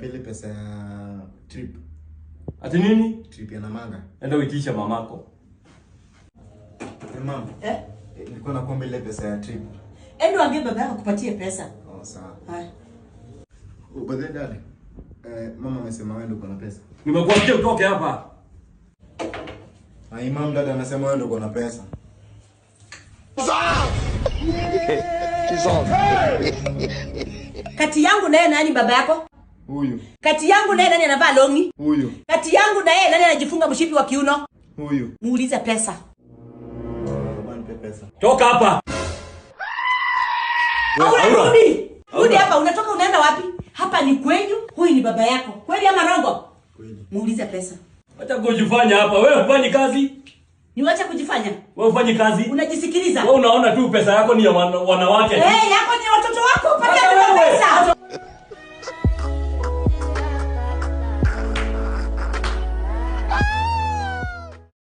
Pele pesa ya trip. Ati nini? Trip ya Namanga. Enda uitisha mamako. Hey, eh, mama. Eh? eh? Nilikuwa nakuomba ile pesa ya trip. Enda ange baba yako kupatie pesa. Oh, sawa. Haya. Oh, but then Eh, mama amesema wewe ndio uko na pesa. Nimekuambia utoke hapa. Ai, ah, mama dada anasema wewe ndio uko na pesa. Kati yangu naye nani baba yako? Huyu. Kati yangu na yeye nani anavaa longi? Huyu. Kati yangu na yeye nani anajifunga mshipi wa kiuno? Huyu. Muulize pesa. Nipe pesa. Toka hapa. Rudi. Rudi hapa, unatoka unaenda wapi? Hapa ni kwenyu, huyu ni baba yako. Kweli ama rongo? Kweli. Muulize pesa. Acha kujifanya hapa. Wewe ufanye kazi. Niwache kujifanya. Wewe ufanye kazi. Unajisikiliza. Wewe unaona tu pesa yako ni ya wanawake. Eh, hey, yako ni watoto wako.